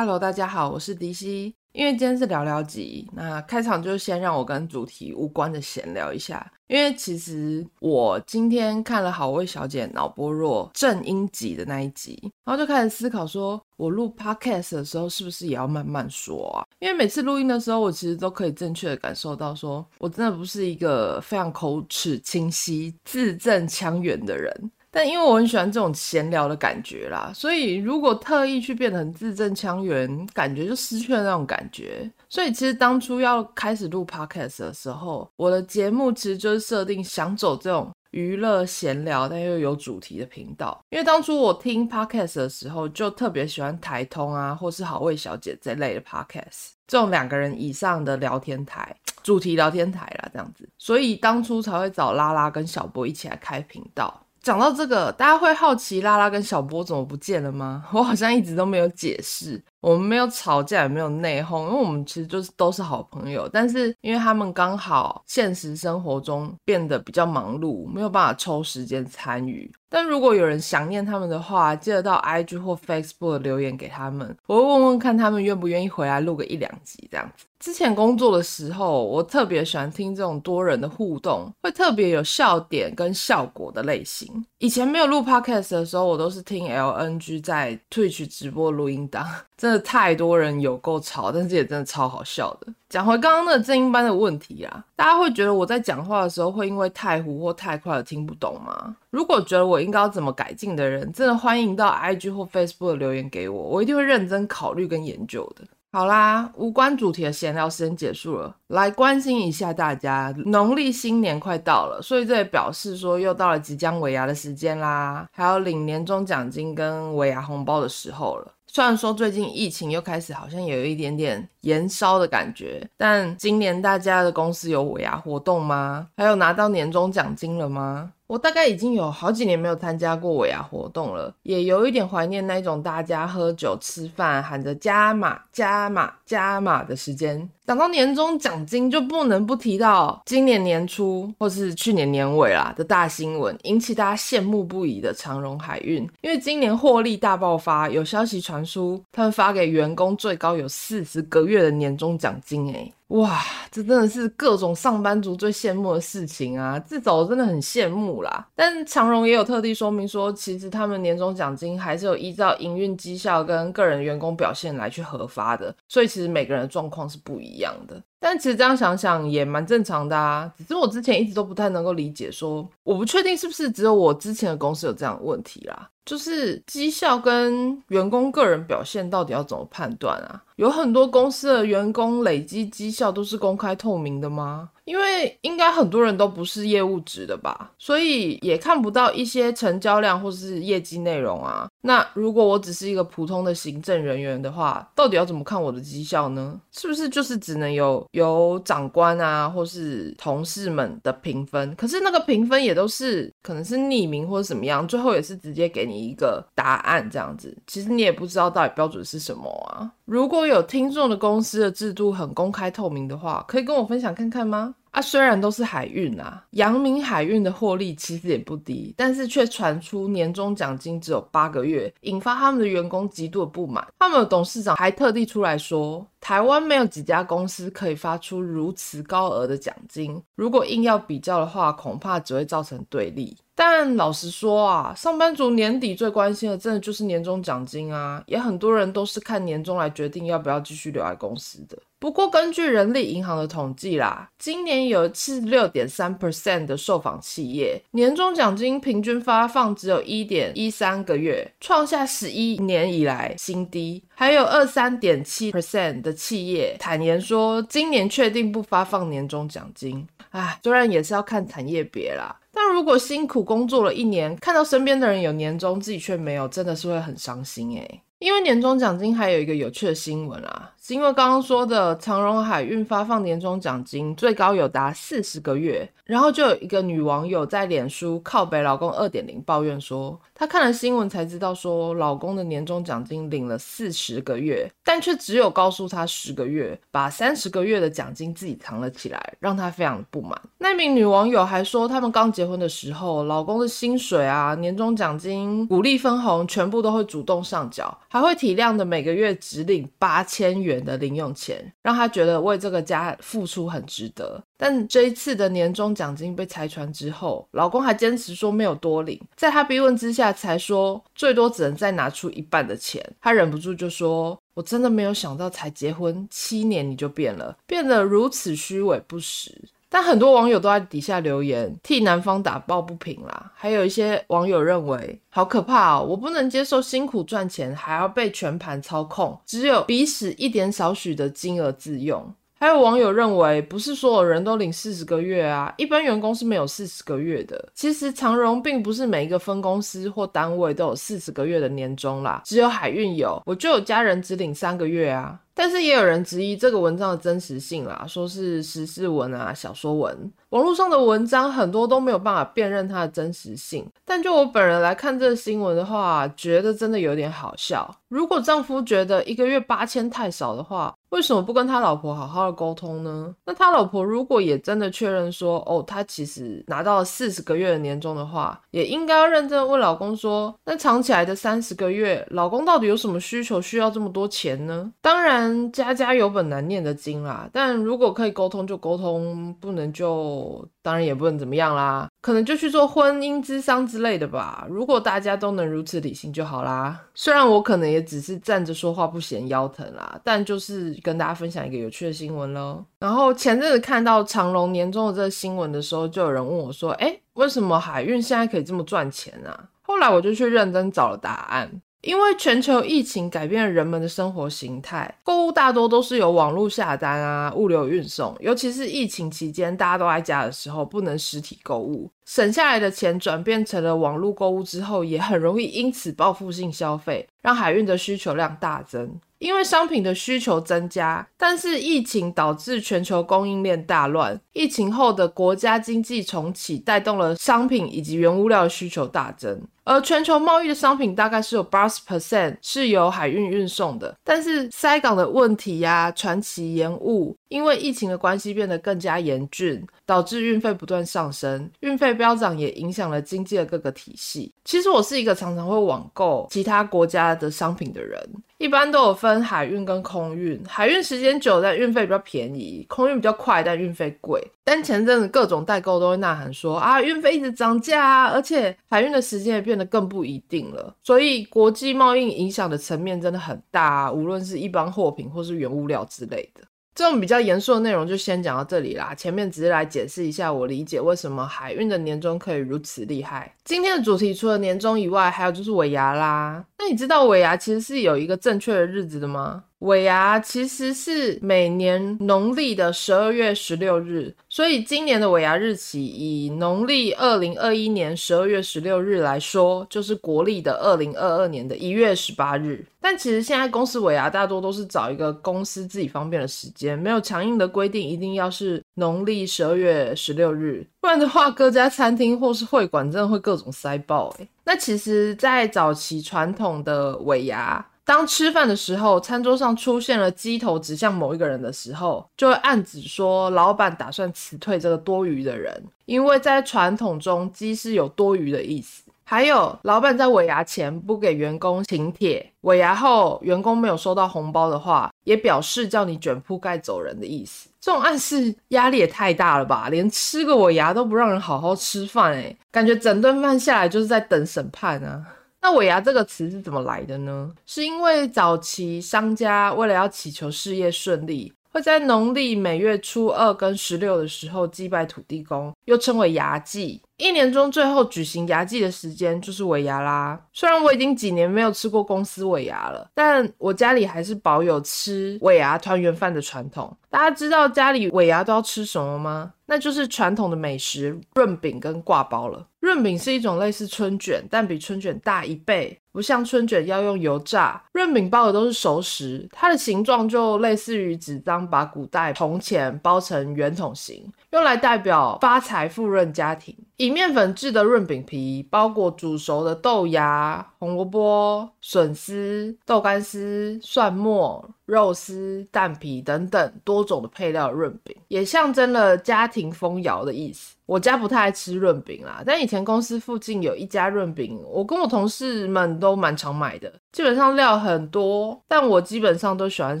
Hello，大家好，我是迪西。因為今天是聊聊集，那開場就先讓我跟主題無關的閒聊一下。因為其實我今天看了好味小姐腦波弱正音集的那一集，然後就開始思考，說我錄 Podcast 的時候是不是也要慢慢說啊？因為每次錄音的時候，我其實都可以正確的感受到，說我真的不是一個非常口齒清晰、字正腔圓的人。但因為我很喜歡這種閒聊的感覺啦，所以如果特意去變成字正腔圓，感覺就失去了那種感覺。所以其實當初要開始錄 podcast 的時候，我的節目其實就是設定想走這種娛樂閒聊但又有主題的頻道。因為當初我聽 podcast 的時候，就特別喜歡台通啊，或是好味小姐這類的 podcast，這種兩個人以上的聊天台，主題聊天台啦，這樣子。所以當初才會找拉拉跟小波一起來開頻道。講到這個，大家會好奇拉拉跟小波怎麼不見了嗎？我好像一直都沒有解釋。我們沒有吵架，也沒有內訌，因為我們其實就是都是好朋友。但是因為他們剛好現實生活中變得比較忙碌，沒有辦法抽時間參與。但如果有人想念他們的話，記得到 IG 或 Facebook 的留言給他們，我會問問看他們願不願意回來錄個一兩集這樣子。之前工作的時候，我特別喜歡聽這種多人的互動，會特別有笑點跟效果的類型。以前沒有錄 Podcast 的時候，我都是聽 LNG 在 Twitch 直播錄音檔。真的太多人有夠吵，但是也真的超好笑的。講回剛剛那個正音班的問題啊，大家會覺得我在講話的時候會因為太糊或太快而聽不懂嗎？如果覺得我應該要怎麼改進的人，真的歡迎到 IG 或 Facebook 留言給我，我一定會認真考慮跟研究的。好啦，無關主題的閒聊時間結束了，來關心一下大家，農曆新年快到了，所以這也表示說又到了即將尾牙的時間啦，還要領年終獎金跟尾牙紅包的時候了。雖然說最近疫情又開始，好像有一點點延燒的感覺，但今年大家的公司有尾牙活動嗎？還有拿到年終獎金了嗎？我大概已經有好幾年沒有參加過尾牙活動了，也有一點懷念那一種大家喝酒吃飯，喊着加碼、加碼、加碼的時間。講到年終獎金，就不能不提到今年年初或是去年年尾啦的大新聞，引起大家羨慕不已的長榮海運，因為今年獲利大爆發，有消息傳出，他們發給員工最高有四十個月的年終獎金。欸，誒。哇，這真的是各種上班族最羨慕的事情啊！自早真的很羨慕啦。但長榮也有特地說明說，其實他們年終獎金還是有依照營運績效跟個人員工表現來去核發的，所以其實每個人的狀況是不一樣的。但其實這樣想想也蠻正常的啊，只是我之前一直都不太能夠理解說，說我不確定是不是只有我之前的公司有這樣的問題啦。就是績效跟員工個人表現到底要怎麼判斷啊？有很多公司的員工累積績效都是公開透明的嗎？因為應該很多人都不是業務職的吧，所以也看不到一些成交量或是業績內容啊。那如果我只是一個普通的行政人員的話，到底要怎麼看我的績效呢？是不是就是只能有有長官啊，或是同事們的評分？可是那個評分也都是可能是匿名或者什麼樣，最後也是直接給你一個答案這樣子。其實你也不知道到底標準是什麼啊。如果有聽眾的公司的制度很公開透明的話，可以跟我分享看看嗎？它、啊、雖然都是海運啊，陽明海運的獲利其實也不低，但是卻傳出年終獎金只有八個月，引發他們的員工極度的不滿。他們的董事長還特地出來說。台灣沒有幾家公司可以發出如此高額的獎金，如果硬要比較的話，恐怕只會造成對立。但老實說啊，上班族年底最關心的真的就是年終獎金啊，也很多人都是看年終來決定要不要繼續留在公司的。不過根據人力銀行的統計啦，今年有四十六點三 percent 的受訪企業年終獎金平均發放只有一點一三個月，創下十一年以來新低，還有二三點七 percent 的。的企業坦言說，今年確定不發放年終獎金。哎，雖然也是要看產業別啦，但如果辛苦工作了一年，看到身邊的人有年終，自己卻沒有，真的是會很傷心誒、欸。因為年終獎金還有一個有趣的新聞啦、啊。因為剛剛說的長榮海運發放年終獎金最高有達四十個月，然後就有一個女網友在臉書靠北老公二點零抱怨說，她看了新聞才知道說老公的年終獎金領了四十個月，但卻只有告訴她十個月，把三十個月的獎金自己藏了起來，讓她非常不滿。那名女網友還說，他們剛結婚的時候，老公的薪水啊、年終獎金、股利分紅全部都會主動上繳，還會體諒的每個月只領八千元。的零用錢，讓他覺得為這個家付出很值得。但這一次的年終獎金被拆穿之後，老公還堅持說沒有多領，在他逼問之下，才說最多只能再拿出一半的錢。他忍不住就說：“我真的沒有想到，才結婚七年你就變了，變得如此虛偽不實。”但很多網友都在底下留言替男方打抱不平啦，還有一些網友認為好可怕哦，我不能接受辛苦賺錢還要被全盤操控，只有彼此一點少許的金額自用。還有網友認為不是所有人都領四十個月啊，一般員工是沒有四十個月的。其實長榮並不是每一個分公司或單位都有四十個月的年終啦，只有海運有，我就有家人只領三個月啊。但是也有人質疑這個文章的真實性啦，說是時事文啊、小說文，網絡上的文章很多都沒有辦法辨認它的真實性。但就我本人來看，這個新聞的話，覺得真的有點好笑。如果丈夫覺得一個月八千太少的話，為什麼不跟他老婆好好的溝通呢？那他老婆如果也真的確認說，哦，他其實拿到了四十個月的年終的話，也應該要認真問老公說，那藏起來的三十個月，老公到底有什麼需求需要這麼多錢呢？當然。家家有本難念的經啦，但如果可以溝通就溝通，不能就當然也不能怎麼樣啦，可能就去做婚姻諮商之類的吧。如果大家都能如此理性就好啦。雖然我可能也只是站着說話不嫌腰疼啦，但就是跟大家分享一個有趣的新聞嘍。然後前陣子看到長榮年終的這個新聞的時候，就有人問我說：“誒、欸，為什麼海運現在可以這麼賺錢啊？後來我就去認真找了答案。因為全球疫情改變了人們的生活形態，購物大多都是由網絡下單啊，物流運送。尤其是疫情期間，大家都在家的時候，不能實體購物，省下來的錢轉變成了網絡購物之後，也很容易因此報復性消費，讓海運的需求量大增。因為商品的需求增加，但是疫情導致全球供應鏈大亂，疫情後的國家經濟重啟，帶動了商品以及原物料的需求大增。而全球貿易的商品大概是有八十 percent 是由海運運送的，但是塞港的問題呀、啊、船期延誤，因為疫情的關係變得更加嚴峻，導致運費不斷上升。運費飆漲也影響了經濟的各個體系。其實我是一個常常會網購其他國家的商品的人，一般都有分海運跟空運。海運時間久，但運費比較便宜；空運比較快，但運費貴。但前陣子各種代購都會吶喊說啊，運費一直漲價啊，而且海運的時間也變。那更不一定了，所以國際貿易影響的層面真的很大，啊，無論是一般貨品或是原物料之類的。這種比較嚴肅的內容就先講到這裡啦。前面只是來解釋一下我理解為什麼海運的年終可以如此厲害。今天的主題除了年終以外，還有就是尾牙啦。那你知道尾牙其實是有一個正確的日子的嗎？尾牙其實是每年農曆的十二月十六日，所以今年的尾牙日期以農曆二零二一年十二月十六日來說，就是國曆的二零二二年的一月十八日。但其實現在公司尾牙大多都是找一個公司自己方便的時間，沒有強硬的規定一定要是農曆十二月十六日，不然的話各家餐廳或是會館真的會各種塞爆。欸。那其實，在早期傳統的尾牙。當吃飯的時候，餐桌上出現了雞頭指向某一個人的時候，就會暗指說老闆打算辭退這個多餘的人，因為在傳統中雞是有多餘的意思。還有，老闆在尾牙前不給員工請帖，尾牙後員工沒有收到紅包的話，也表示叫你捲鋪蓋走人的意思。這種暗示壓力也太大了吧？連吃個尾牙都不讓人好好吃飯誒，誒感覺整頓飯下來就是在等審判啊！那尾牙這個詞是怎麼來的呢？是因為早期商家為了要祈求事業順利，會在農曆每月初二跟十六的時候祭拜土地公，又稱為牙祭。一年中最後舉行牙祭的時間就是尾牙啦。雖然我已經幾年沒有吃過公司尾牙了，但我家裡還是保有吃尾牙團圓飯的傳統。大家知道家裡尾牙都要吃什麼嗎？那就是傳統的美食潤餅跟刈包了。潤餅是一種類似春卷，但比春卷大一倍。不像春卷要用油炸，潤餅包的都是熟食。它的形狀就類似於紙張，把古代銅錢包成圓筒形，用來代表發財富潤家庭。以麵粉制的潤餅皮，包裹煮熟的豆芽、紅蘿蔔、筍絲、豆乾絲、蒜末、肉絲、蛋皮等等多種的配料的，潤餅也象徵了家庭豐饒的意思。我家不太愛吃潤餅啦，但以前公司附近有一家潤餅，我跟我同事們都蠻常買的。基本上料很多，但我基本上都喜歡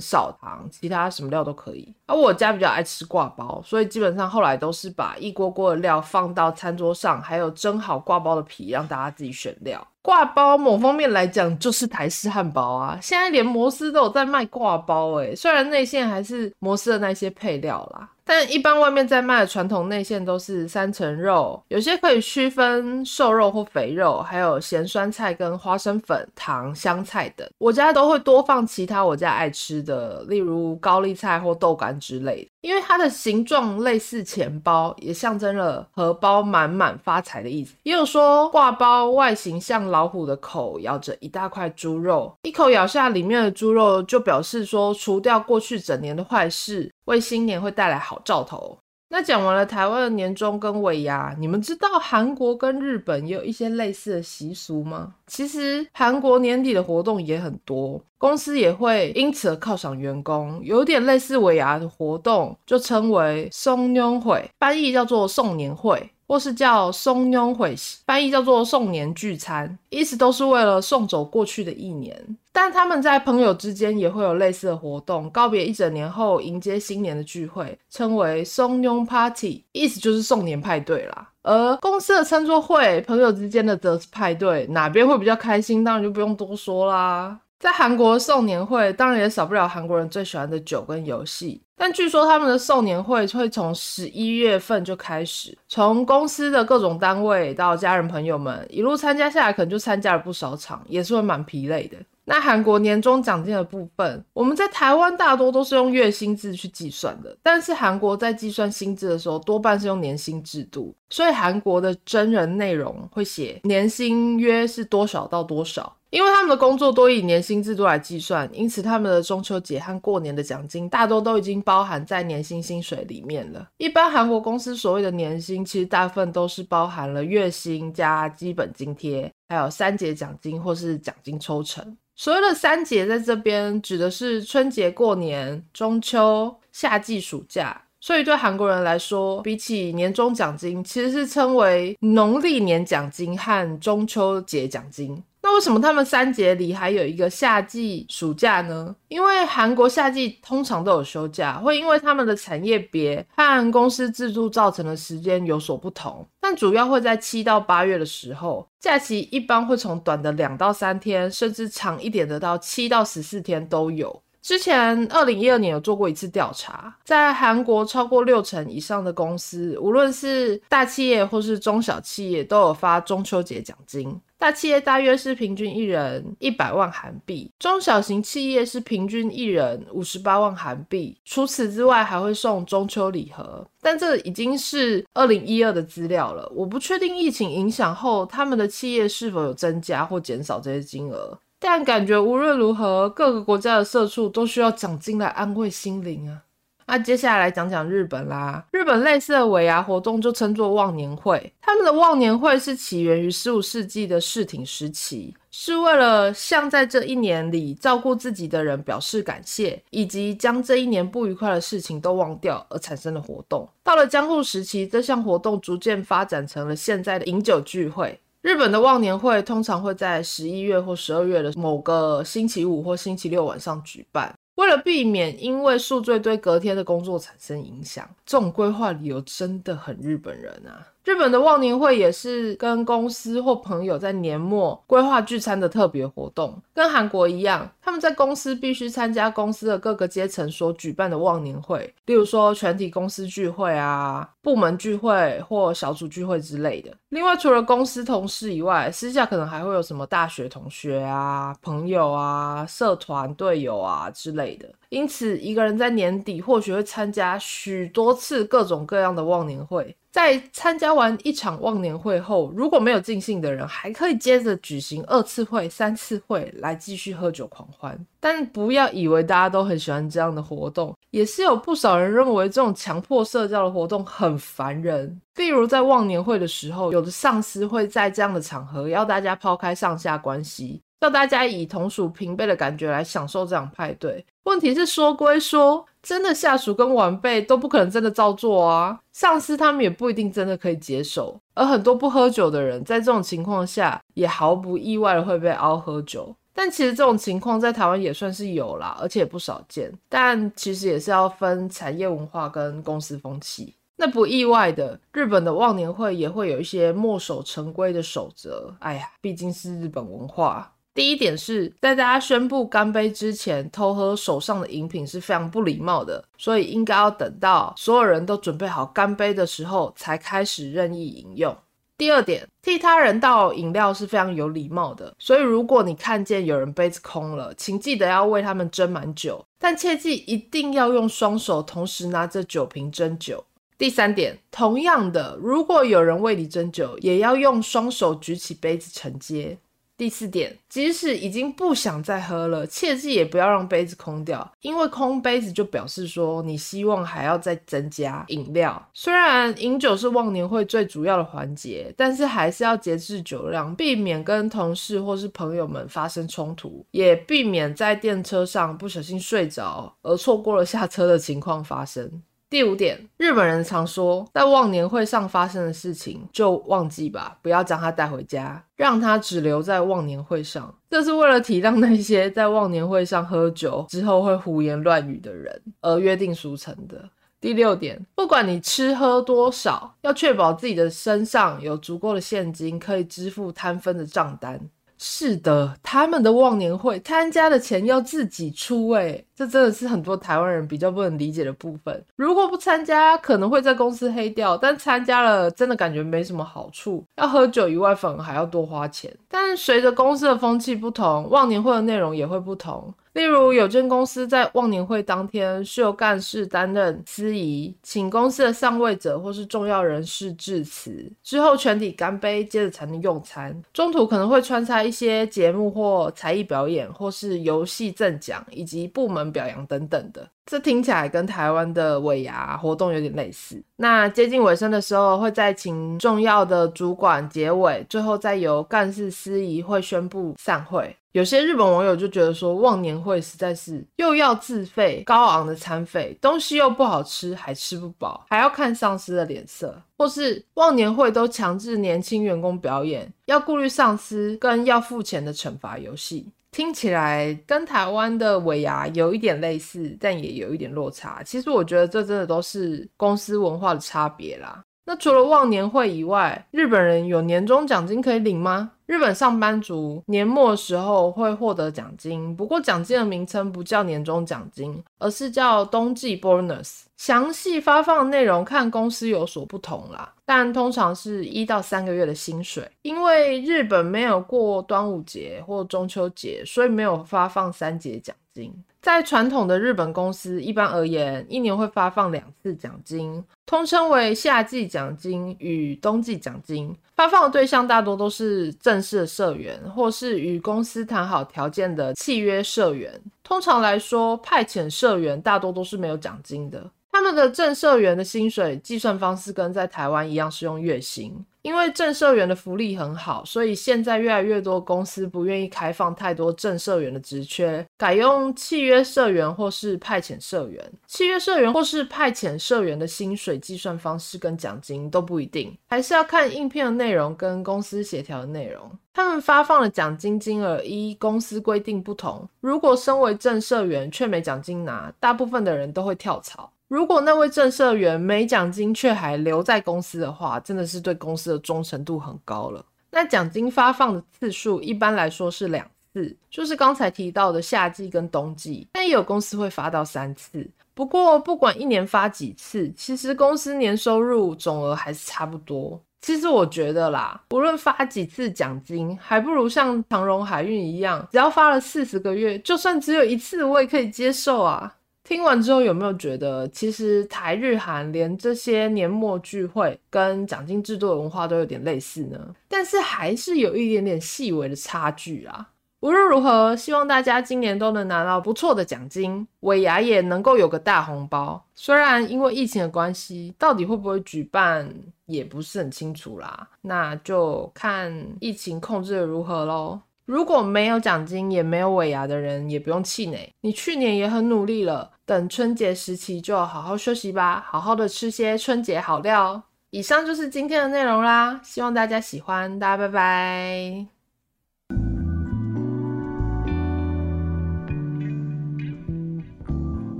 少糖，其他什麼料都可以。而我家比較愛吃刈包，所以基本上後來都是把一鍋鍋的料放到餐桌上，還有蒸好刈包的皮，讓大家自己選料。掛包某方面來講就是台式漢堡啊，現在連摩斯都有在賣掛包哎、欸，雖然內餡還是摩斯的那些配料啦，但一般外面在賣的傳統內餡都是三層肉，有些可以區分瘦肉或肥肉，還有鹹酸菜跟花生粉、糖、香菜等。我家都會多放其他我家愛吃的，例如高麗菜或豆干之類的。因為它的形狀類似錢包，也象徵了荷包滿滿發財的意思。也有說刈包外形像老虎的口，咬着一大塊豬肉，一口咬下裡面的豬肉，就表示說除掉過去整年的壞事，為新年會帶來好兆頭。那講完了台灣的年終跟尾牙，你們知道韓國跟日本也有一些類似的習俗嗎？其實韓國年底的活動也很多，公司也會因此而犒賞員工，有點類似尾牙的活動，就稱為送年會，翻譯叫做送年會。或是叫送年會，翻譯叫做送年聚餐，意思都是為了送走過去的一年。但他們在朋友之間也會有類似的活動，告別一整年後迎接新年的聚會，稱為送年 Party，意思就是送年派對啦。而公司的餐桌會、朋友之間的得斯派對，哪邊會比較開心？當然就不用多說啦。在韓國的送年會，當然也少不了韓國人最喜歡的酒跟遊戲。但據說他們的送年會會從十一月份就開始，從公司的各種單位到家人朋友們一路參加下來，可能就參加了不少場，也是會蠻疲累的。那韓國年終獎金的部分，我們在台灣大多都是用月薪制去計算的，但是韓國在計算薪資的時候多半是用年薪制度，所以韓國的真人內容會寫年薪約是多少到多少。因為他們的工作多以年薪制度來計算，因此他們的中秋節和過年的獎金大多都已經包含在年薪薪水裡面了。一般韓國公司所謂的年薪，其實大部分都是包含了月薪加基本津貼，還有三節獎金或是獎金抽成。所謂的三節，在這邊指的是春節、過年、中秋、夏季暑假。所以對韓國人來說，比起年終獎金，其實是稱為農曆年獎金和中秋節獎金。那為什麼他們三節裡還有一個夏季暑假呢？因為韓國夏季通常都有休假，會因為他們的產業別和公司制度造成的時間有所不同，但主要會在七到八月的時候，假期一般會從短的兩到三天，甚至長一點的到七到十四天都有。之前二零一二年有做過一次調查，在韓國超過六成以上的公司，無論是大企業或是中小企業，都有發中秋節獎金。大企業大約是平均一人一百萬韓幣，中小型企業是平均一人五十八萬韓幣。除此之外，還會送中秋禮盒。但這已經是二零一二的資料了，我不確定疫情影響後，他們的企業是否有增加或減少這些金額。但感覺無論如何，各個國家的社畜都需要獎金來安慰心靈啊！那、啊、接下來來講講日本啦，日本類似的尾牙活動就稱作忘年會。他們的忘年會是起源於十五世紀的室町時期，是為了向在這一年裡照顧自己的人表示感謝，以及將這一年不愉快的事情都忘掉而產生的活動。到了江戶時期，這項活動逐漸發展成了現在的飲酒聚會。日本的忘年會通常會在十一月或十二月的某個星期五或星期六晚上舉辦，為了避免因為宿醉對隔天的工作產生影響，這種規劃理由真的很日本人啊。日本的忘年會也是跟公司或朋友在年末規劃聚餐的特別活動，跟韓國一樣，他們在公司必須參加公司的各個階層所舉辦的忘年會，例如說全體公司聚會啊、部門聚會或小組聚會之類的。另外，除了公司同事以外，私下可能還會有什麼大學同學啊、朋友啊、社團隊友啊之類的。因此，一個人在年底或許會參加許多次各種各樣的忘年會。在參加完一場忘年會後，如果沒有盡興的人，還可以接着舉行二次會、三次會，來繼續喝酒狂歡。但不要以為大家都很喜歡這樣的活動，也是有不少人認為這種強迫社交的活動很煩人。例如，在忘年會的時候，有的上司會在這樣的場合要大家拋開上下關係。讓大家以同屬平輩的感覺來享受這場派對。問題是說歸說，真的下屬跟晚輩都不可能真的照做啊。上司他們也不一定真的可以接受。而很多不喝酒的人在這種情況下，也毫不意外的會被凹喝酒。但其實這種情況在台灣也算是有啦，而且不少見。但其實也是要分產業文化跟公司風氣。那不意外的，日本的忘年會也會有一些墨守成規的守則。哎呀，畢竟是日本文化。第一點是在大家宣布乾杯之前，偷喝手上的飲品是非常不禮貌的，所以應該要等到所有人都準備好乾杯的時候才開始任意飲用。第二點，替他人倒飲料是非常有禮貌的，所以如果你看見有人杯子空了，請記得要為他們斟滿酒，但切記一定要用雙手同時拿着酒瓶斟酒。第三點，同樣的，如果有人為你斟酒，也要用雙手舉起杯子承接。第四點，即使已經不想再喝了，切記也不要讓杯子空掉，因為空杯子就表示說你希望還要再增加飲料。雖然飲酒是忘年會最主要的環節，但是還是要節制酒量，避免跟同事或是朋友們發生衝突，也避免在電車上不小心睡着而錯過了下車的情況發生。第五點，日本人常說，在忘年會上發生的事情就忘記吧，不要將它帶回家，讓它只留在忘年會上。這是為了體諒那些在忘年會上喝酒之後會胡言亂語的人而約定俗成的。第六點，不管你吃喝多少，要確保自己的身上有足夠的現金，可以支付攤分的賬單。是的，他們的忘年會參加的錢要自己出，哎，這真的是很多台灣人比較不能理解的部分。如果不參加，可能會在公司黑掉；但參加了，真的感覺沒什麼好處。要喝酒以外，反而還要多花錢。但是隨着公司的風氣不同，忘年會的內容也會不同。例如，有間公司在忘年會當天是由幹事擔任司儀，請公司的上位者或是重要人士致辭，之後全體乾杯，接着才能用餐。中途可能會穿插一些節目或才藝表演，或是遊戲贈獎，以及部門表揚等等的。這聽起來跟台灣的尾牙活動有點類似。那接近尾聲的時候，會再請重要的主管結尾，最後再由幹事司儀會宣布散會。有些日本網友就覺得說，忘年會實在是又要自費高昂的餐費，東西又不好吃，還吃不飽，還要看上司的臉色，或是忘年會都強制年輕員工表演，要顧慮上司跟要付錢的懲罰遊戲。聽起來跟台灣的尾牙有一點類似，但也有一點落差。其實我覺得這真的都是公司文化的差別啦。那除了忘年會以外，日本人有年終獎金可以領嗎？日本上班族年末的時候會獲得獎金，不過獎金的名稱不叫年終獎金，而是叫冬季 bonus。詳細發放內容看公司有所不同啦，但通常是一到三個月的薪水。因為日本沒有過端午節或中秋節，所以沒有發放三節獎金。在傳統的日本公司，一般而言，一年會發放兩次獎金，通稱為夏季獎金與冬季獎金。發放的對象大多都是正式的社員，或是與公司談好條件的契約社員。通常來說，派遣社員大多都是沒有獎金的。他們的正社員的薪水計算方式跟在台灣一樣，是用月薪。因為正社員的福利很好，所以現在越來越多公司不願意開放太多正社員的職缺，改用契約社員或是派遣社員。契約社員或是派遣社員的薪水計算方式跟獎金都不一定，還是要看應聘的內容跟公司協調的內容。他們發放的獎金金額依公司規定不同。如果身為正社員卻沒獎金拿，大部分的人都會跳槽。如果那位正社員沒獎金卻還留在公司的話，真的是對公司的忠誠度很高了。那獎金發放的次數一般來說是兩次，就是剛才提到的夏季跟冬季。但也有公司會發到三次。不過不管一年發幾次，其實公司年收入總額還是差不多。其實我覺得啦，無論發幾次獎金，還不如像長榮海運一樣，只要發了四十個月，就算只有一次，我也可以接受啊。聽完之後有沒有覺得，其實台日韓連這些年末聚會跟獎金制度的文化都有點類似呢？但是還是有一點點細微的差距啊。無論如何，希望大家今年都能拿到不錯的獎金，尾牙也能夠有個大紅包。雖然因為疫情的關係，到底會不會舉辦也不是很清楚啦，那就看疫情控制的如何咯。如果沒有獎金，也沒有尾牙的人，也不用氣餒，你去年也很努力了。等春節時期就好好休息吧，好好的吃些春節好料。以上就是今天的內容啦，希望大家喜歡，大家拜拜。